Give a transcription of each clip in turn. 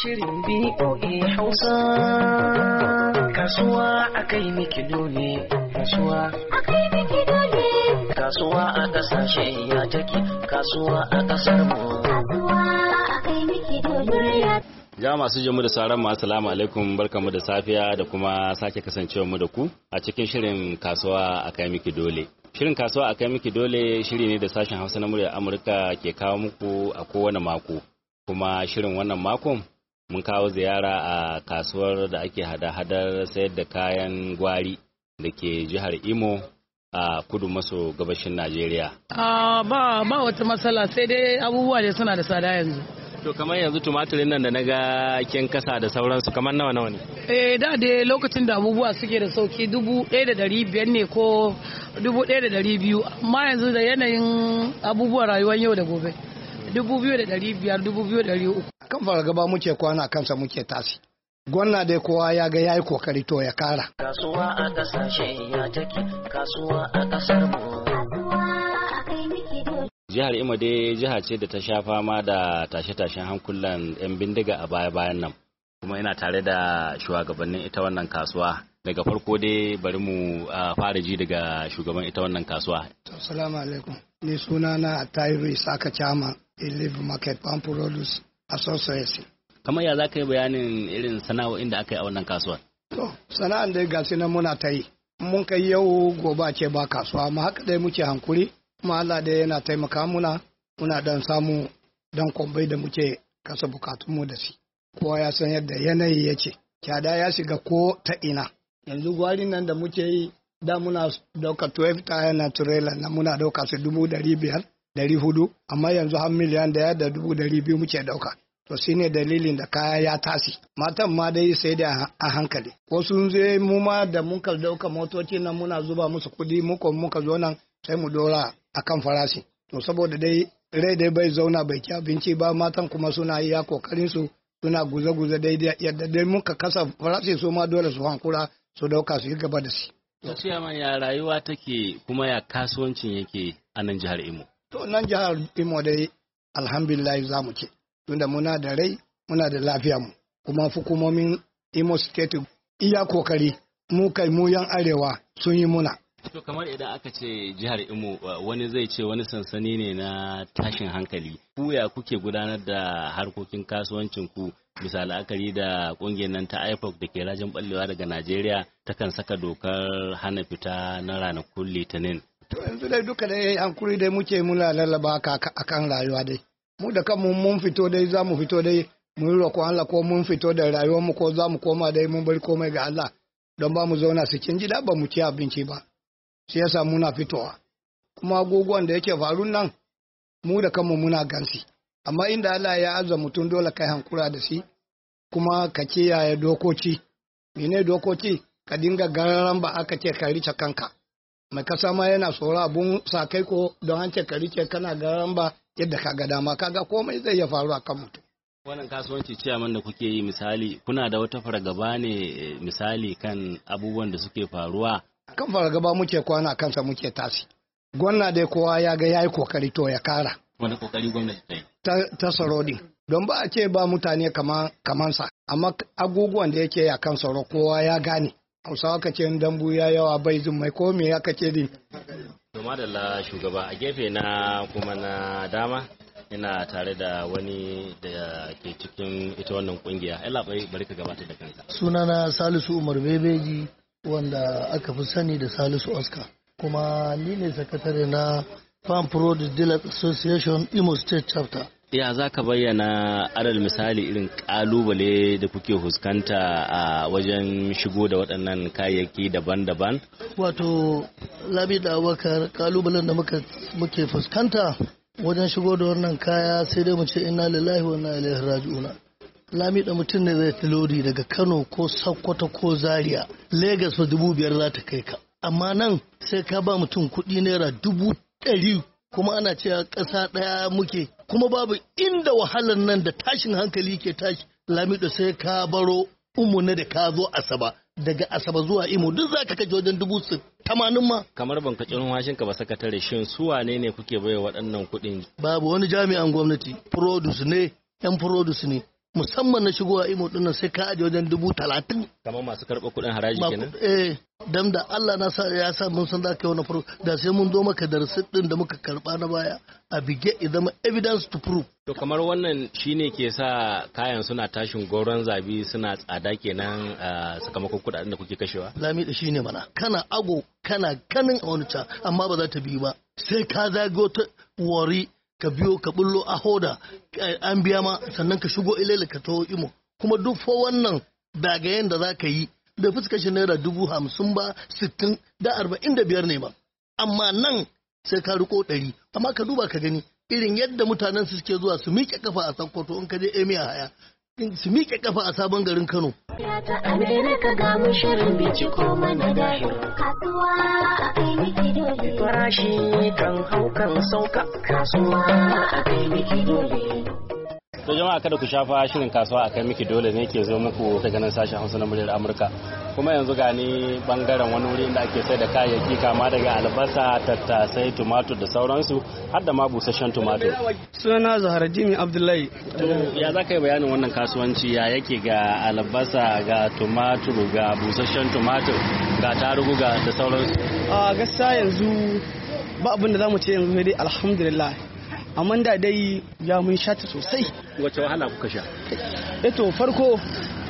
shirin BOA Hausa. Kasuwa a kai miki dole, kasuwa a kai miki dole. Kasuwa a kasashe ya take, kasuwa a kasar mu. Kasuwa a kai miki dole. Ja masu jimu da sauran ma assalamu alaikum barkamu da safiya da kuma sake kasancewa mu da ku a cikin shirin kasuwa a kai miki dole. Shirin kasuwa a kai miki dole shiri ne da sashen Hausa na muryar Amurka ke kawo muku a kowane mako. Kuma shirin wannan makon mun kawo ziyara a kasuwar da ake hada-hadar sayar da kayan gwari da ke jihar imo a kudu maso gabashin najeriya ba ba wata matsala sai dai abubuwa da suna da tsada yanzu to kamar yanzu tumatirin nan da na ga kin kasa da sauransu kamar nawa nawa ne eh da da lokacin da abubuwa suke da sauki dubu ɗaya da ɗari biyar ne ko dubu ɗaya da ɗari biyu amma yanzu da yanayin abubuwan rayuwar yau da gobe dubu biyu da ɗari biyar dubu biyu da ɗari uku kan fargaba muke kwana kansa muke tasi gwanna dai kowa ya ga yayi kokari to ya kara kasuwa a kasashe ya take kasuwa a kasar mu jihar ima dai jiha ce da ta sha fama da tashe-tashen hankulan 'yan bindiga a baya-bayan nan kuma ina tare da shugabannin ita wannan kasuwa daga farko dai bari mu fara ji daga shugaban ita wannan kasuwa assalamu alaikum ni suna na tayiru isaka chama i live market pampurodus a society kamar ya za ka yi bayanin irin sana'o'in da aka yi a wannan kasuwar to sana'an da ga nan muna ta yi mun kai yau gobe ce ba kasuwa amma haka dai muke hankuri kuma Allah dai yana taimaka muna muna dan samu dan kwambai da muke kasa bukatunmu da shi kowa ya san yadda yanayi ya ce kyada ya shiga ko ta ina yanzu gwari nan da muke yi da muna dauka 12 tire na trailer na muna dauka su dubu dari biyar dari hudu amma yanzu har miliyan ɗaya da dubu dari biyu muke ɗauka. to ne dalilin da kaya ya tasi matan ma dai sai da a hankali wasu zai mu ma da muka kal dauka motoci nan muna zuba musu kudi muka muka zo nan sai mu dora akan farashi to saboda dai rai dai bai zauna bai ci abinci ba matan kuma suna iya kokarin su suna guza guze daidai yadda dai muka kasa farashi su ma dole su hankura su dauka su yi gaba da shi. Gaskiya man ya rayuwa take kuma ya kasuwancin yake a nan jihar Imo. To nan jihar Imo dai alhamdulillah za mu ce. tunda muna da rai muna da lafiya mu kuma hukumomin Imo State iya kokari mu kai mu yan arewa sun yi muna. To kamar idan aka ce jihar Imo wani zai ce wani sansani ne na tashin hankali. Ku ya kuke gudanar da harkokin kasuwancin ku misali yi da kungiyar nan ta IPOC da ke rajin ballewa daga Najeriya takan saka dokar hana fita na ranakun Litinin. To yanzu dai duka dai hankuri dai muke muna lallaba akan rayuwa dai. mu da kanmu mun fito dai za mu fito dai mu yi roƙon Allah ko mun fito da rayuwar mu ko za mu koma dai mun bari komai ga Allah don ba mu zauna cikin gida ba mu ci abinci ba shi yasa muna fitowa kuma agogon da yake faru nan mu da kanmu muna gansi amma inda Allah ya azza mutum dole kai hankura da shi kuma ka kiyaye dokoki mene dokoki ka dinga gararan ba aka ce ka rice kanka mai kasa ma yana tsoro abun sakai ko don an ce ka rice kana gararan ba yadda ka ga dama kaga komai zai ya faru a kan mutum wannan kasuwanci ciyaman da kuke yi misali kuna da wata fargaba ne eh, misali kan abubuwan da suke faruwa kan fargaba muke kwana kansa muke tasi Gwanna dai kowa ya ga yayi kokari to ya kara wani kokari gwamnati ta yi ta, ta din don ba a ce ba mutane kaman kamansa amma abubuwan da yake ya kan saro kowa ya gane hausawa ka ce dambu ya yawa bai zumai ko me ya kace din Noma da shugaba a gefe na kuma na dama ina tare da wani da ke cikin ita wannan kungiya. Ila bai bari ka gabata da kanka. Sunana Salisu Umar Bebeji wanda aka fi sani da Salisu Oscar. Kuma ni ne sakatare na Farm Produce Dealer Association Imo State Chapter. ya za ka bayyana adal misali irin kalubale da kuke huskanta a wajen shigo da waɗannan kayayyaki daban-daban wato labi da abokan kalubalen da muke fuskanta wajen shigo da wannan kaya sai dai mu ce inna lillahi wa inna ilaihi raji'una lami da mutum ne zai lodi daga kano ko sokoto ko zaria Legas fa dubu biyar za ta kai ka amma nan sai ka ba mutum kuɗi naira dubu ɗari kuma ana cewa ƙasa ɗaya muke kuma babu inda wahalar nan da tashin hankali ke tashi lamido sai ka baro umuna da ka zo asaba daga asaba zuwa imo duk za ka kaje wajen dubu tamanin ma kamar ban ka kirin washin ka ba sakatare shin su wane ne kuke baiwa waɗannan kuɗin babu wani jami'an gwamnati produce ne yan produce ne musamman na shigowa imo dinnan sai ka aje wajen dubu talatin kamar masu karɓar kuɗin haraji kenan eh dan da Allah na sa ya sa mun san zaka yau na farko da sai mun zo maka da ɗin din da muka karba na baya a bige zama evidence to prove to kamar wannan shine ke sa kayan suna tashin goron zabi suna tsada kenan sakamakon kuɗaɗen da kuke kashewa lami da shine mana kana ago kana kanin a wani ca amma ba za ta bi ba sai ka zagi wata wari ka biyo ka bullo a hoda an biya ma sannan ka shigo ilele ka taho imo kuma duk fa wannan dagayen da za ka yi da fuskar shi naira dubu hamsin ba sittin da arba'in da biyar ne ba amma nan sai ka riko ɗari amma ka duba ka gani irin yadda mutanen su suke zuwa su miƙe kafa a sankoto in ka je emiya haya su miƙe kafa a sabon garin kano. Ya ta Amerika ga mu shirin bici ko mana kasuwa. farashi kan hau sauka kasuwa To jama'a kada ku shafa shirin kasuwa a kai miki dole ne ke zo muku daga nan sashen Hausa na muryar Amurka. kuma yanzu gani bangaren wani wuri inda ake sai da kayayyaki kama daga albasa tattasai tumatur da sauransu har da ma busasshen tumatur sunana zahara jimi abdullahi ya za ka yi bayanin wannan kasuwanci ya yake ga albasa ga tumatur ga busasshen tumatur ga tarugu ga da sauransu a gasa yanzu ba abin da za mu ce yanzu dai alhamdulillah amma da dai ya mun sha ta sosai wace wahala kuka sha eto eh farko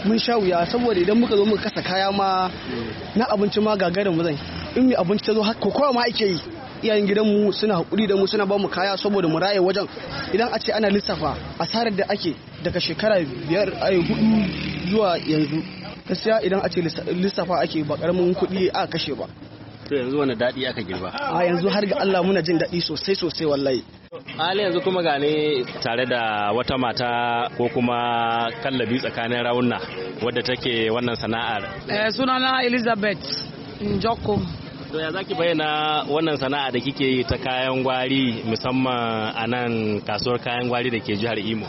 mun sha wuya saboda idan muka zo muka kasa kaya ma na abinci ma gagarin mu zan in mai abinci ta zo har kokowa ma ake yi iyayen gidanmu suna haƙuri da mu suna ba mu kaya saboda mu raye wajen idan a ce ana lissafa asarar da ake daga shekara biyar ai hudu zuwa yanzu gaskiya idan a ce lissafa ake ba karamin kuɗi a kashe ba to yanzu wani daɗi aka girba a yanzu har ga Allah muna jin daɗi sosai sosai wallahi hali yanzu kuma gane tare da wata mata ko kuma kallabi tsakanin rauna wadda take wannan sana'ar eh, sunana elizabeth njoko to za ki bayyana wannan sana'a da kike yi ta kayan gwari musamman a nan kasuwar kayan gwari da ke jihar imo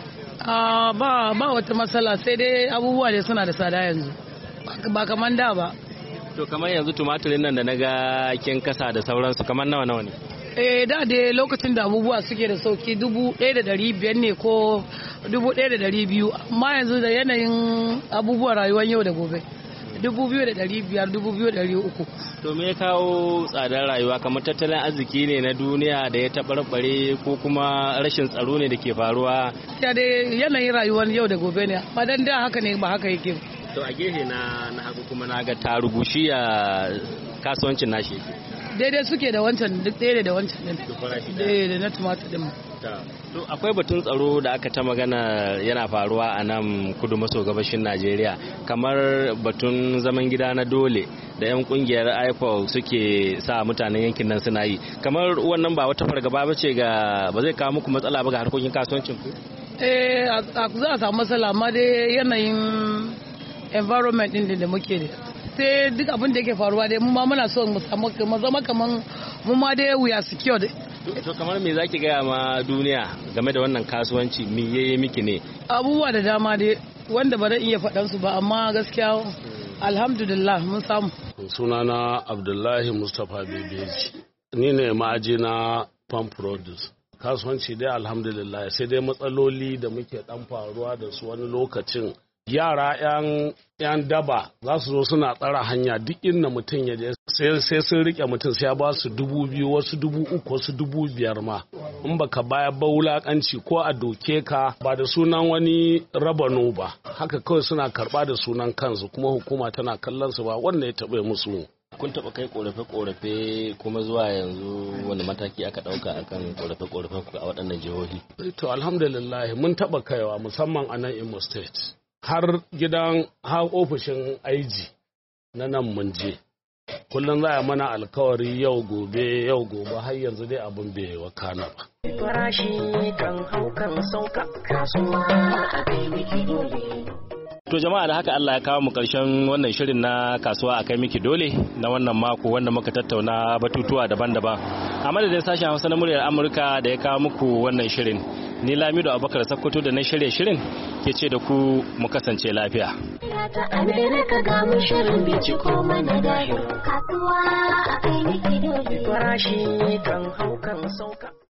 ah, ba ba wata matsala sai dai abubuwa da suna da tsada yanzu ba kamar da ba to kamar yanzu tumatirin nan da na ga kin kasa da sauransu kamar nawa nawa ne eh da dai lokacin da abubuwa suke da sauki dubu ɗaya da ɗari biyar ne ko dubu ɗaya da ɗari biyu amma yanzu da yanayin abubuwan rayuwar yau da gobe dubu biyu da ɗari biyar dubu biyu da ɗari uku. to me kawo tsadar rayuwa kamar tattalin arziki ne na duniya da ya taɓarɓare ko kuma rashin tsaro ne da ke faruwa. ya dai yanayin rayuwar yau da gobe ne amma da haka ne ba haka yake ba. to a gehe na na hagu kuma na ga tarugu shi a kasuwancin nashi daidai suke da wancan duk ɗaya da wancan din daidai da na tumatir din to akwai batun tsaro da aka ta magana yana faruwa a nan kudu maso gabashin najeriya kamar batun zaman gida na dole da 'yan kungiyar ipoc suke sa mutanen yankin nan suna yi kamar wannan ba wata fargaba ba ce ga ba zai kawo muku matsala ba ga harkokin kasuwancin ku eh za a samu matsala amma dai yanayin environment din da muke da sai duk abin da yake faruwa dai mu ma muna so mu zama kaman mu ma dai we are secured to kamar me zaki gaya ma duniya game da wannan kasuwanci me yayi miki ne abubuwa da dama dai wanda ba zan iya faɗan su ba amma gaskiya alhamdulillah mun samu sunana abdullahi mustapha bebeji ni ne ma'aji na farm produce kasuwanci dai alhamdulillah sai dai matsaloli da muke dan faruwa da su wani lokacin yara 'yan daba za su zo suna tsara hanya duk inda mutum ya je sai sun rike mutum sai ya ba su dubu biyu wasu dubu uku wasu dubu biyar ma in baka baya ba wulakanci ko a doke ka ba da sunan wani rabano ba haka kawai suna karba da sunan kansu kuma hukuma tana kallon su ba wanda ya taɓa musu kun taɓa kai korafe-korafe kuma zuwa yanzu wani mataki aka ɗauka akan korafe-korafe a waɗannan jihohi eh to alhamdulillah mun taɓa kaiwa musamman a nan imo state har gidan har ofishin aiji na nan mun kullum za a mana alkawari yau gobe yau gobe har yanzu dai abin bai kana ba farashi kan hau sauka kasuwa a kai dole To jama'a da haka Allah ya kawo mu karshen wannan shirin na kasuwa a kai miki dole na wannan mako wanda muka tattauna batutuwa daban-daban. a madadin sashen hausa na muryar amurka da ya kawo muku wannan shirin ni lamido abubakar sakkwato da na shirya shirin ke ce da ku mu kasance lafiya